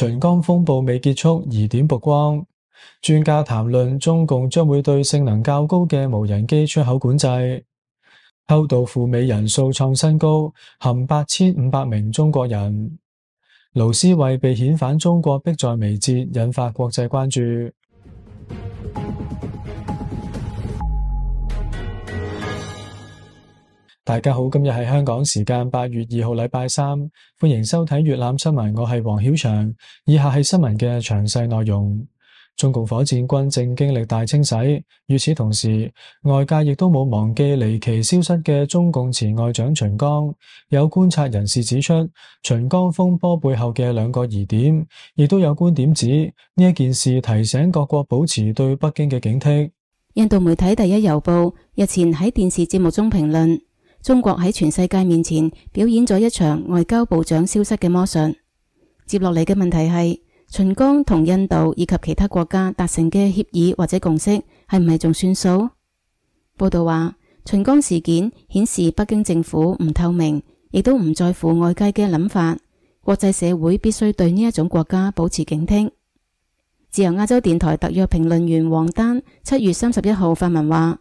秦剛風暴未結束，疑點曝光。專家談論中共將會對性能較高嘅無人機出口管制。偷渡赴美人數創新高，含八千五百名中國人。盧思位被遣返中國，迫在眉睫，引發國際關注。大家好，今日係香港時間八月二號，禮拜三，歡迎收睇粵覽新聞，我係黃曉翔。以下係新聞嘅詳細內容：中共火箭軍正經歷大清洗，與此同時，外界亦都冇忘記離奇消失嘅中共前外長秦剛。有觀察人士指出，秦剛風波背後嘅兩個疑點，亦都有觀點指呢一件事提醒各國保持對北京嘅警惕。印度媒體第一郵報日前喺電視節目中評論。中國喺全世界面前表演咗一場外交部長消失嘅魔術。接落嚟嘅問題係，秦剛同印度以及其他國家達成嘅協議或者共識，係唔係仲算數？報道話，秦剛事件顯示北京政府唔透明，亦都唔在乎外界嘅諗法。國際社會必須對呢一種國家保持警惕。自由亞洲電台特約評論員王丹七月三十一號發文話：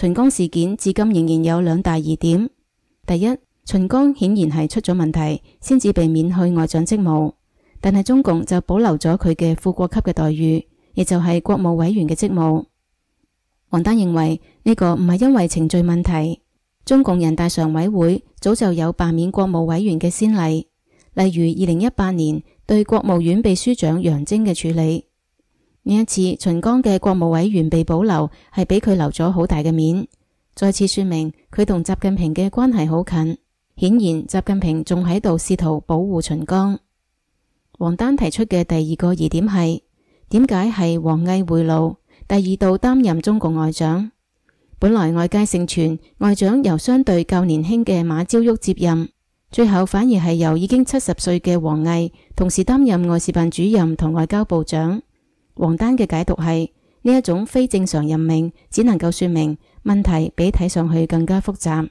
秦剛事件至今仍然有兩大疑點：第一，秦剛顯然係出咗問題，先至被免去外長職務，但係中共就保留咗佢嘅副國級嘅待遇，亦就係國務委員嘅職務。王丹認為呢個唔係因為程序問題，中共人大常委會早就有罷免國務委員嘅先例，例如二零一八年對國務院秘書長楊晶嘅處理。呢一次，秦剛嘅國務委員被保留，係俾佢留咗好大嘅面，再次說明佢同習近平嘅關係好近。顯然，習近平仲喺度試圖保護秦剛。王丹提出嘅第二個疑點係：點解係王毅回路第二度擔任中國外長？本來外界盛傳外長由相對較年輕嘅馬朝旭接任，最後反而係由已經七十歲嘅王毅同時擔任外事辦主任同外交部長。王丹嘅解讀係呢一種非正常任命，只能夠說明問題，比睇上去更加複雜。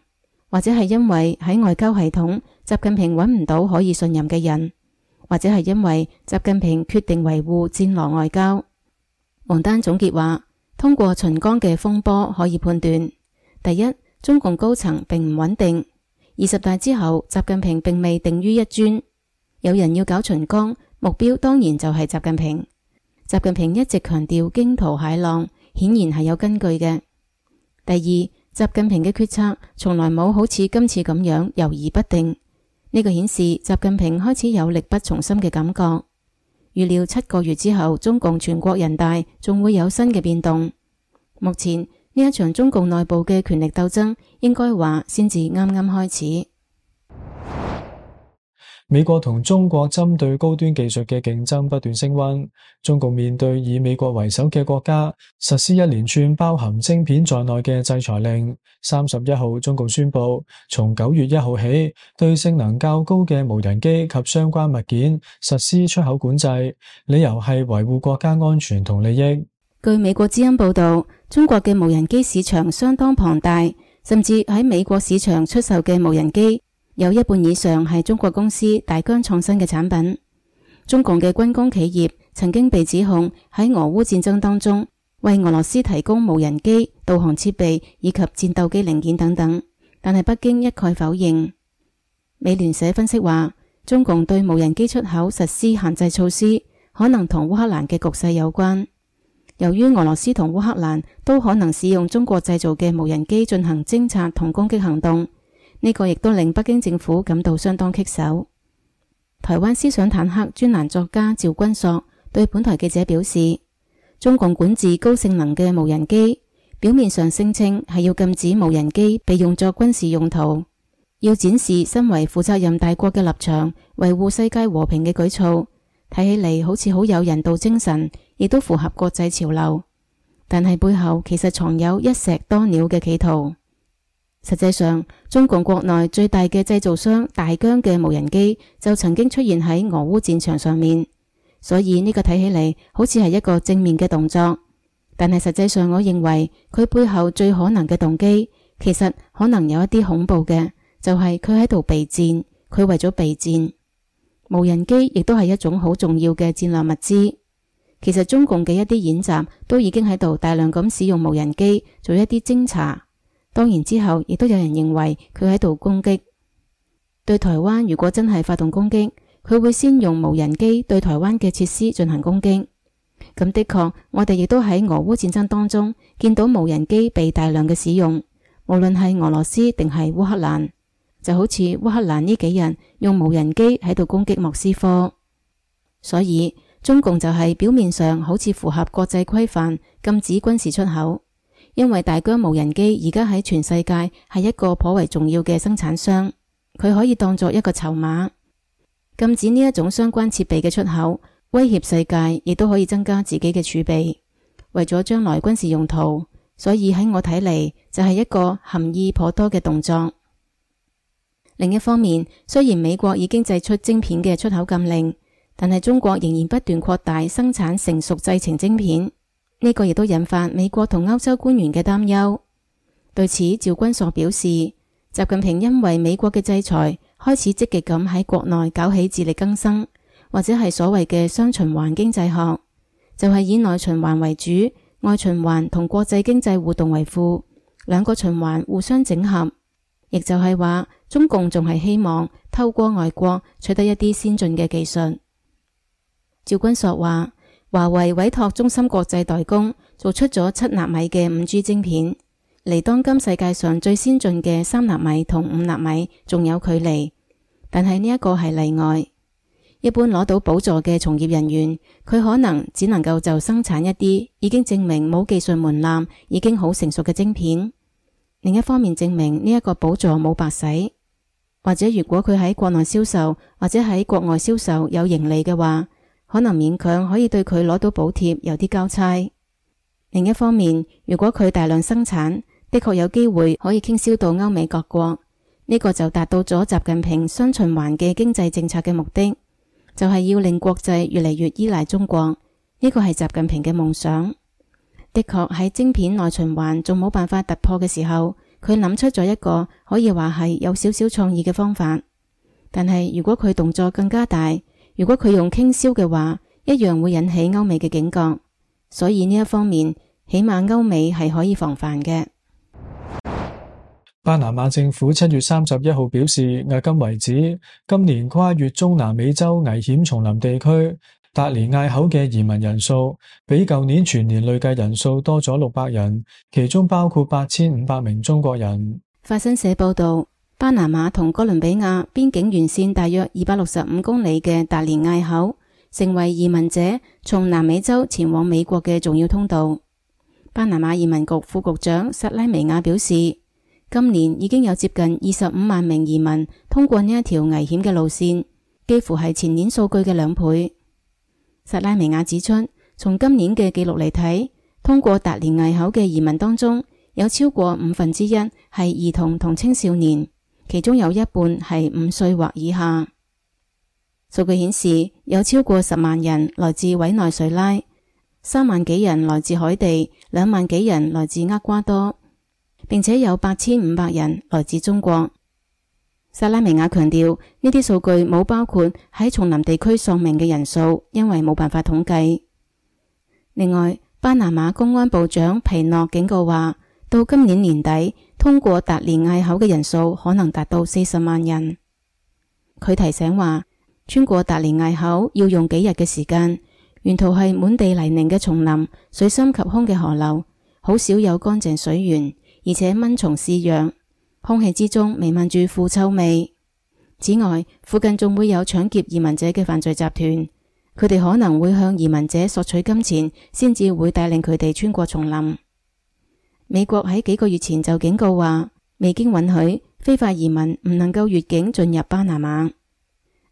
或者係因為喺外交系統，習近平揾唔到可以信任嘅人，或者係因為習近平決定維護戰狼外交。王丹總結話：通過秦剛嘅風波可以判斷，第一，中共高層並唔穩定，二十大之後，習近平並未定於一尊，有人要搞秦剛，目標當然就係習近平。習近平一直強調驚濤駭浪，顯然係有根據嘅。第二，習近平嘅決策從來冇好似今次咁樣猶豫不定，呢個顯示習近平開始有力不從心嘅感覺。預料七個月之後，中共全國人大仲會有新嘅變動。目前呢一場中共內部嘅權力鬥爭，應該話先至啱啱開始。美國同中國針對高端技術嘅競爭不斷升温，中共面對以美國為首嘅國家實施一連串包含芯片在內嘅制裁令。三十一號，中共宣布從九月一號起，對性能較高嘅無人機及相關物件實施出口管制，理由係維護國家安全同利益。據美國《知音》報道，中國嘅無人機市場相當龐大，甚至喺美國市場出售嘅無人機。有一半以上係中國公司大疆創新嘅產品。中共嘅軍工企業曾經被指控喺俄烏戰爭當中為俄羅斯提供無人機、導航設備以及戰鬥機零件等等，但係北京一概否認。美聯社分析話，中共對無人機出口實施限制措施，可能同烏克蘭嘅局勢有關。由於俄羅斯同烏克蘭都可能使用中國製造嘅無人機進行偵察同攻擊行動。呢個亦都令北京政府感到相當棘手。台灣思想坦克專欄作家趙君碩對本台記者表示，中共管制高性能嘅無人機，表面上聲稱係要禁止無人機被用作軍事用途，要展示身為負責任大國嘅立場，維護世界和平嘅舉措，睇起嚟好似好有人道精神，亦都符合國際潮流。但係背後其實藏有一石多鳥嘅企圖。實際上，中共國內最大嘅製造商大疆嘅無人機就曾經出現喺俄烏戰場上面，所以呢個睇起嚟好似係一個正面嘅動作。但係實際上，我認為佢背後最可能嘅動機，其實可能有一啲恐怖嘅，就係佢喺度備戰，佢為咗備戰，無人機亦都係一種好重要嘅戰略物資。其實中共嘅一啲演習都已經喺度大量咁使用無人機做一啲偵查。當然之後，亦都有人認為佢喺度攻擊對台灣。如果真係發動攻擊，佢會先用無人機對台灣嘅設施進行攻擊。咁的確，我哋亦都喺俄烏戰爭當中見到無人機被大量嘅使用，無論係俄羅斯定係烏克蘭，就好似烏克蘭呢幾日用無人機喺度攻擊莫斯科。所以中共就係表面上好似符合國際規範，禁止軍事出口。因為大疆無人機而家喺全世界係一個頗為重要嘅生產商，佢可以當作一個籌碼，禁止呢一種相關設備嘅出口，威脅世界，亦都可以增加自己嘅儲備，為咗將來軍事用途。所以喺我睇嚟就係一個含義頗多嘅動作。另一方面，雖然美國已經制出晶片嘅出口禁令，但係中國仍然不斷擴大生產成熟製程晶片。呢個亦都引發美國同歐洲官員嘅擔憂。對此，趙君朔表示，習近平因為美國嘅制裁，開始積極咁喺國內搞起自力更生，或者係所謂嘅雙循環經濟學，就係、是、以內循環為主，外循環同國際經濟互動為輔，兩個循環互相整合。亦就係話，中共仲係希望透過外國取得一啲先進嘅技術。趙君朔話。華為委託中芯國際代工，做出咗七納米嘅五 G 晶片，離當今世界上最先進嘅三納米同五納米仲有距離。但係呢一個係例外，一般攞到補助嘅從業人員，佢可能只能夠就生產一啲已經證明冇技術門檻、已經好成熟嘅晶片。另一方面，證明呢一個補助冇白使，或者如果佢喺國內銷售或者喺國外銷售有盈利嘅話。可能勉強可以對佢攞到補貼有啲交差。另一方面，如果佢大量生產，的確有機會可以傾銷到歐美各國，呢、這個就達到咗習近平雙循環嘅經濟政策嘅目的，就係、是、要令國際越嚟越依賴中國。呢個係習近平嘅夢想。的確喺晶片內循環仲冇辦法突破嘅時候，佢諗出咗一個可以話係有少少創意嘅方法。但係如果佢動作更加大，如果佢用傾銷嘅話，一樣會引起歐美嘅警覺，所以呢一方面，起碼歐美係可以防範嘅。巴拿馬政府七月三十一號表示，迄今為止，今年跨越中南美洲危險叢林地區達連隘口嘅移民人數，比舊年全年累計人數多咗六百人，其中包括八千五百名中國人。法新社報道。巴拿馬同哥倫比亞邊境沿線大約二百六十五公里嘅達連隘口，成為移民者從南美洲前往美國嘅重要通道。巴拿馬移民局副局長薩拉梅亞表示，今年已經有接近二十五萬名移民通過呢一條危險嘅路線，幾乎係前年數據嘅兩倍。薩拉梅亞指出，從今年嘅記錄嚟睇，通過達連隘口嘅移民當中，有超過五分之一係兒童同青少年。其中有一半係五歲或以下。數據顯示，有超過十萬人來自委內瑞拉，三萬幾人來自海地，兩萬幾人來自厄瓜多，並且有八千五百人來自中國。薩拉米亞強調，呢啲數據冇包括喺叢林地區喪命嘅人數，因為冇辦法統計。另外，巴拿馬公安部長皮諾警告話，到今年年底，通過達連隘口嘅人數可能達到四十萬人。佢提醒話，穿過達連隘口要用幾日嘅時間，沿途係滿地泥濘嘅叢林、水深及胸嘅河流，好少有乾淨水源，而且蚊蟲肆虐，空氣之中瀰漫住腐臭味。此外，附近仲會有搶劫移民者嘅犯罪集團，佢哋可能會向移民者索取金錢，先至會帶領佢哋穿過叢林。美國喺幾個月前就警告話，未經允許，非法移民唔能夠越境進入巴拿馬。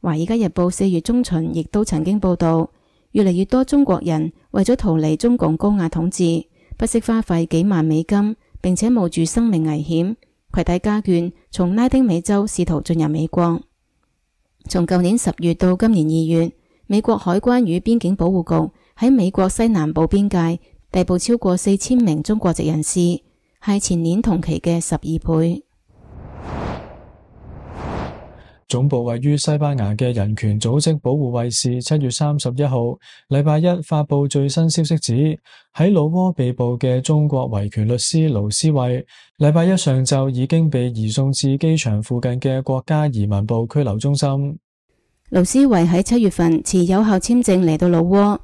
華爾街日報四月中旬亦都曾經報道，越嚟越多中國人為咗逃離中共高壓統治，不惜花費幾萬美金，並且冒住生命危險，攜帶家眷從拉丁美洲試圖進入美國。從舊年十月到今年二月，美國海關與邊境保護局喺美國西南部邊界。被捕超過四千名中國籍人士，係前年同期嘅十二倍。總部位於西班牙嘅人權組織保護衛士七月三十一號，禮拜一發布最新消息指，喺老撾被捕嘅中國維權律師盧思位，禮拜一上晝已經被移送至機場附近嘅國家移民部拘留中心。盧思位喺七月份持有效簽證嚟到老撾。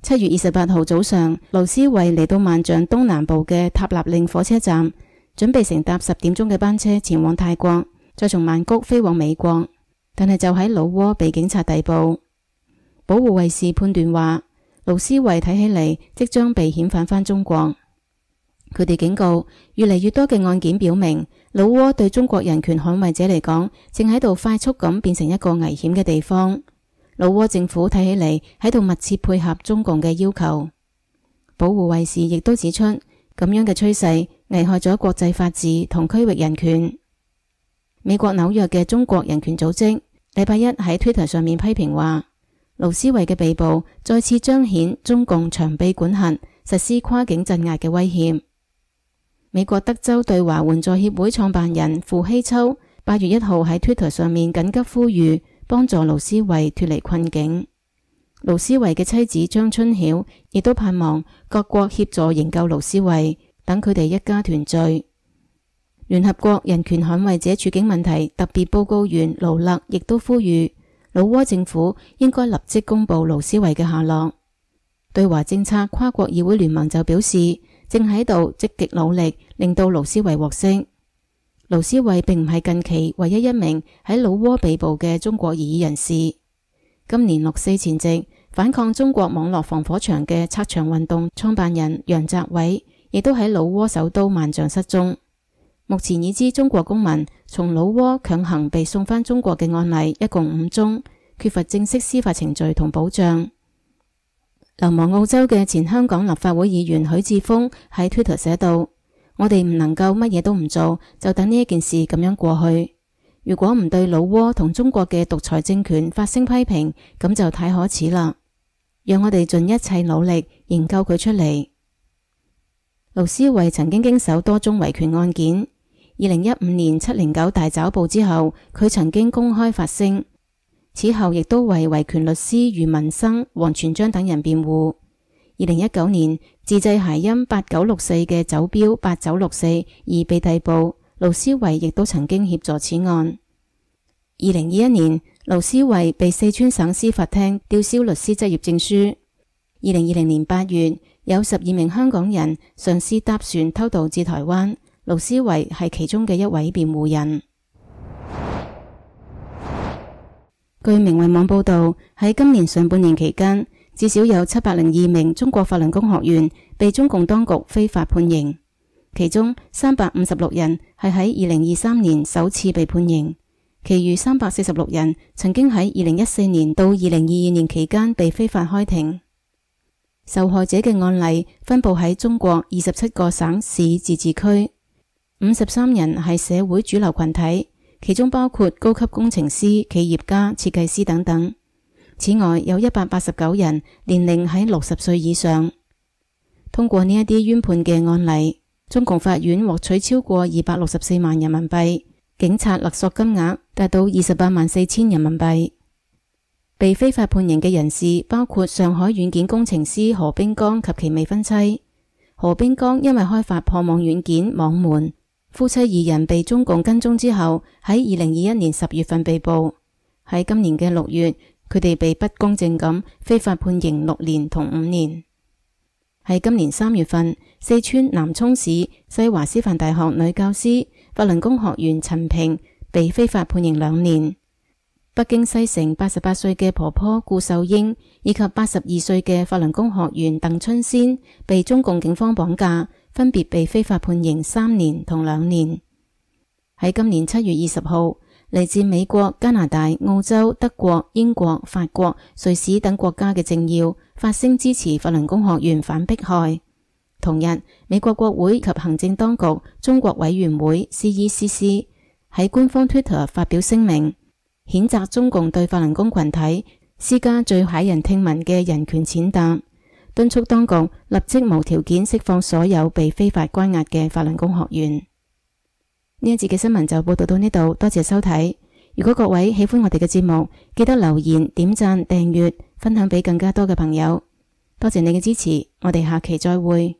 七月二十八號早上，盧思位嚟到萬象東南部嘅塔納令火車站，準備乘搭十點鐘嘅班車前往泰國，再從曼谷飛往美國。但係就喺老撾被警察逮捕。保護衛士判斷話，盧思位睇起嚟即將被遣返返中國。佢哋警告，越嚟越多嘅案件表明，老撾對中國人權捍衛者嚟講，正喺度快速咁變成一個危險嘅地方。老撾政府睇起嚟喺度密切配合中共嘅要求，保護衞士亦都指出咁樣嘅趨勢危害咗國際法治同區域人權。美國紐約嘅中國人權組織禮拜一喺 Twitter 上面批評話，盧思位嘅被捕再次彰顯中共長臂管轄、實施跨境鎮壓嘅威脅。美國德州對華援助協,助協會創辦人傅希秋八月一號喺 Twitter 上面緊急呼籲。幫助盧思位脫離困境，盧思位嘅妻子張春曉亦都盼望各國協助營救盧思位，等佢哋一家團聚。聯合國人權捍衛者處境問題特別報告員盧勒亦都呼籲，老撾政府應該立即公布盧思位嘅下落。對華政策跨國議會聯盟就表示，正喺度積極努力，令到盧思位獲釋。盧思位並唔係近期唯一一名喺老撾被捕嘅中國異議人士。今年六四前夕，反抗中國網絡防火牆嘅拆牆運動創辦人楊澤偉亦都喺老撾首都萬象失蹤。目前已知中國公民從老撾強行被送返中國嘅案例一共五宗，缺乏正式司法程序同保障。流亡澳洲嘅前香港立法會議員許智峰喺 Twitter 寫道。我哋唔能夠乜嘢都唔做，就等呢一件事咁樣過去。如果唔對老撾同中國嘅獨裁政權發聲批評，咁就太可恥啦。讓我哋盡一切努力營救佢出嚟。盧思位曾經經手多宗維權案件。二零一五年七零九大抓捕之後，佢曾經公開發聲，此後亦都為維權律師余文生、王全章等人辯護。二零一九年，自製諧音八九六四嘅走標八九六四而被逮捕，盧思位亦都曾經協助此案。二零二一年，盧思位被四川省司法廳吊銷律師執業證書。二零二零年八月，有十二名香港人嘗試搭船偷渡至台灣，盧思位係其中嘅一位辯護人。 據明慧網報道，喺今年上半年期間，至少有七百零二名中國法輪功學員被中共當局非法判刑，其中三百五十六人係喺二零二三年首次被判刑，其餘三百四十六人曾經喺二零一四年到二零二二年期間被非法開庭。受害者嘅案例分佈喺中國二十七個省市自治區，五十三人係社會主流群體，其中包括高級工程師、企業家、設計師等等。此外有，有一百八十九人年齡喺六十歲以上。通過呢一啲冤判嘅案例，中共法院獲取超過二百六十四萬人民幣，警察勒索金額達到二十八萬四千人民幣。被非法判刑嘅人士包括上海軟件工程師何冰剛及其未婚妻何冰剛，因為開發破網軟件網門，夫妻二人被中共跟蹤之後，喺二零二一年十月份被捕，喺今年嘅六月。佢哋被不公正咁非法判刑六年同五年。喺今年三月份，四川南充市西華師範大學女教師、法輪功學員陳平被非法判刑兩年。北京西城八十八歲嘅婆婆顧秀英以及八十二歲嘅法輪功學員鄧春仙被中共警方綁架，分別被非法判刑三年同兩年。喺今年七月二十號，嚟自美國、加拿大、澳洲、德國、英國、法國、瑞士等國家嘅政要發聲支持法輪功學員反迫害。同日，美國國會及行政當局中國委員會 （C.E.C.C.） 喺官方 Twitter 發表聲明，譴責中共對法輪功群體施加最駭人聽聞嘅人權踐踏，敦促當局立即無條件釋放所有被非法關押嘅法輪功學員。呢一節嘅新聞就報道到呢度，多謝收睇。如果各位喜歡我哋嘅節目，記得留言、點讚、訂閱、分享俾更加多嘅朋友。多謝你嘅支持，我哋下期再會。